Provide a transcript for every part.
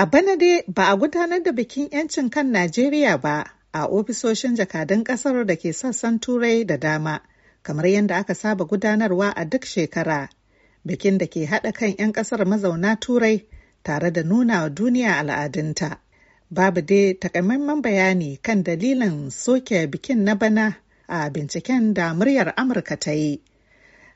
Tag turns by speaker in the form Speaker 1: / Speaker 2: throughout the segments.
Speaker 1: A bana dai ba a gudanar da bikin 'yancin kan Najeriya ba a ofisoshin jakadun ƙasar da ke sassan turai da dama, kamar yadda aka saba gudanarwa a duk shekara. Bikin da ke haɗa kan 'yan ƙasar mazauna turai tare da nuna wa duniya al'adunta. Babu dai takamaiman bayani kan dalilin soke bikin na bana a binciken da muryar Amurka ta yi.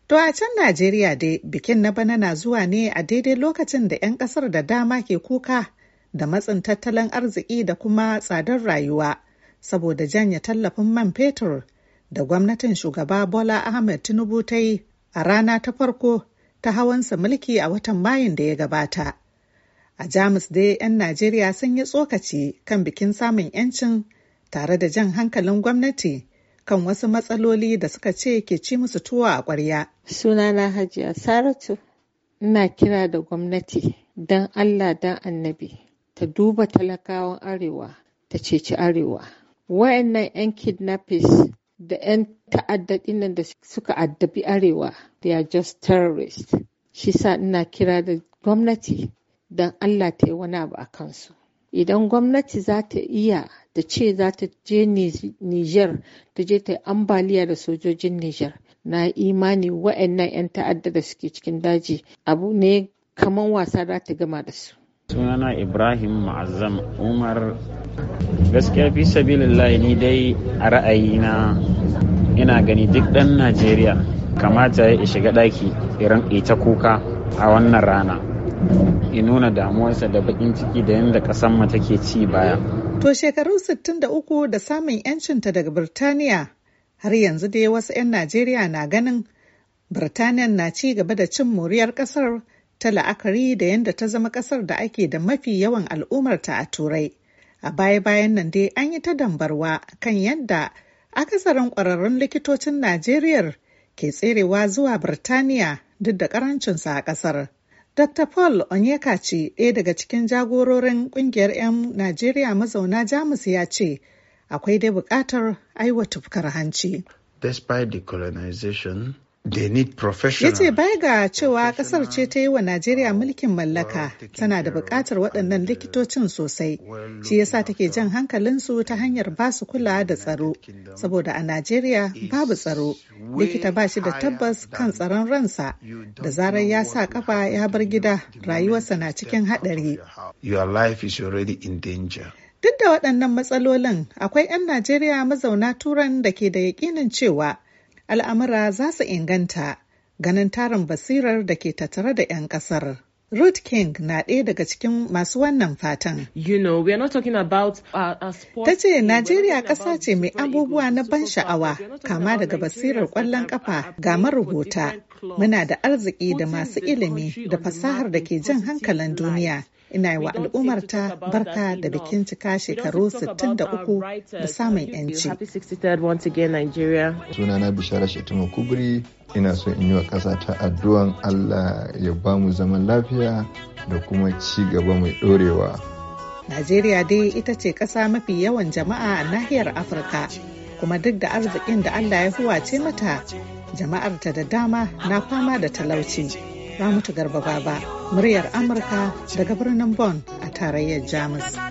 Speaker 1: To a can Najeriya dai bikin na bana na zuwa ne a daidai lokacin da 'yan kasar da dama ke kuka da matsin tattalin arziki da kuma tsadar rayuwa saboda janya tallafin man fetur da gwamnatin shugaba Bola Ahmed Tinubu ta yi a rana ta farko ta hawansa mulki a watan Mayin da ya gabata. A Jamus dai 'yan Najeriya sun yi tsokaci kan bikin samun 'yancin tare da jan hankalin gwamnati kan wasu matsaloli da suka ce ke ci musu tuwo a ƙwarya.
Speaker 2: Sunana Hajiya Saratu ina kira da gwamnati don Allah don annabi ta duba talakawan arewa ta ceci arewa. Wa'annan 'yan kidnappers da 'yan ta'addadin nan da suka addabi arewa they are just terrorists. Shi sa ina kira da gwamnati don Allah ta yi wani abu a kansu. idan gwamnati za ta iya da ce za ta je Nijar ta je ta ambaliya da sojojin Nijar na imani wa'annan 'yan ta'adda da suke cikin daji abu ne kamar wasa za ta gama da su. sunana ibrahim ma'azam umar gaskiya fi sabilillahi ni dai a ra'ayi na. ina gani duk ɗan najeriya kamata ya shiga ɗaki
Speaker 1: irin ita kuka a wannan rana ya nuna damuwarsa da bakin ciki da yadda kasan mu take ci baya. To shekaru 63 da samun 'yancinta daga Birtaniya har yanzu dai wasu 'yan Najeriya na ganin Birtaniya na ci gaba da cin moriyar ƙasar ta la'akari da yadda ta zama ƙasar da ake da mafi yawan al'ummarta a Turai. A baya-bayan nan dai an yi ta dambarwa kan yadda akasarin ƙwararrun likitocin Najeriya ke tserewa zuwa Birtaniya duk da ƙarancinsa a ƙasar. Dr. Paul Onyeka ce ɗaya daga cikin jagororin ƙungiyar 'yan Najeriya mazauna Jamus ya ce akwai dai buƙatar tufkar hanci.
Speaker 2: Despite the colonization, They need professional. Yace
Speaker 1: baya ga cewa kasar ce ta yi wa Najeriya uh, mulkin mallaka uh, tana da bukatar waɗannan likitocin sosai. Shi yasa take jan hankalinsu ta hanyar ba su kula da tsaro. Saboda a Najeriya babu tsaro. Likita ba shi da tabbas kan tsaron ransa. Da zarar ya sa kafa ya bar gida rayuwarsa na cikin haɗari.
Speaker 2: Your life is already in danger.
Speaker 1: Duk da waɗannan matsalolin akwai 'yan Najeriya mazauna turan da ke da yaƙinin cewa al'amura za su inganta ganin tarin basirar da ke tattare da 'yan ƙasar. Ruth King na ɗaya daga cikin masu wannan fatan.
Speaker 2: You know, Ta ce,
Speaker 1: Najeriya ƙasa ce mai abubuwa na ban sha'awa, kama daga basirar ƙwallon ƙafa ga marubuta. Muna da arziki da masu ilimi da fasahar da ke jan hankalin duniya. ina wa al'ummarta barka da bikin cika shekaru 63 da samun 'yanci.
Speaker 2: Sunana Bishara Shetima Kubri ina so in yi wa kasa ta addu'an Allah ya ba mu zaman lafiya da kuma ci gaba mai ɗorewa.
Speaker 1: Najeriya dai ita ce ƙasa mafi yawan jama'a a nahiyar Afirka kuma duk da arzikin da Allah ya huwace mata jama'arta da dama na fama da talauci. Ramatu Garba Baba, muryar Amurka daga birnin Bon a tarayyar Jamus.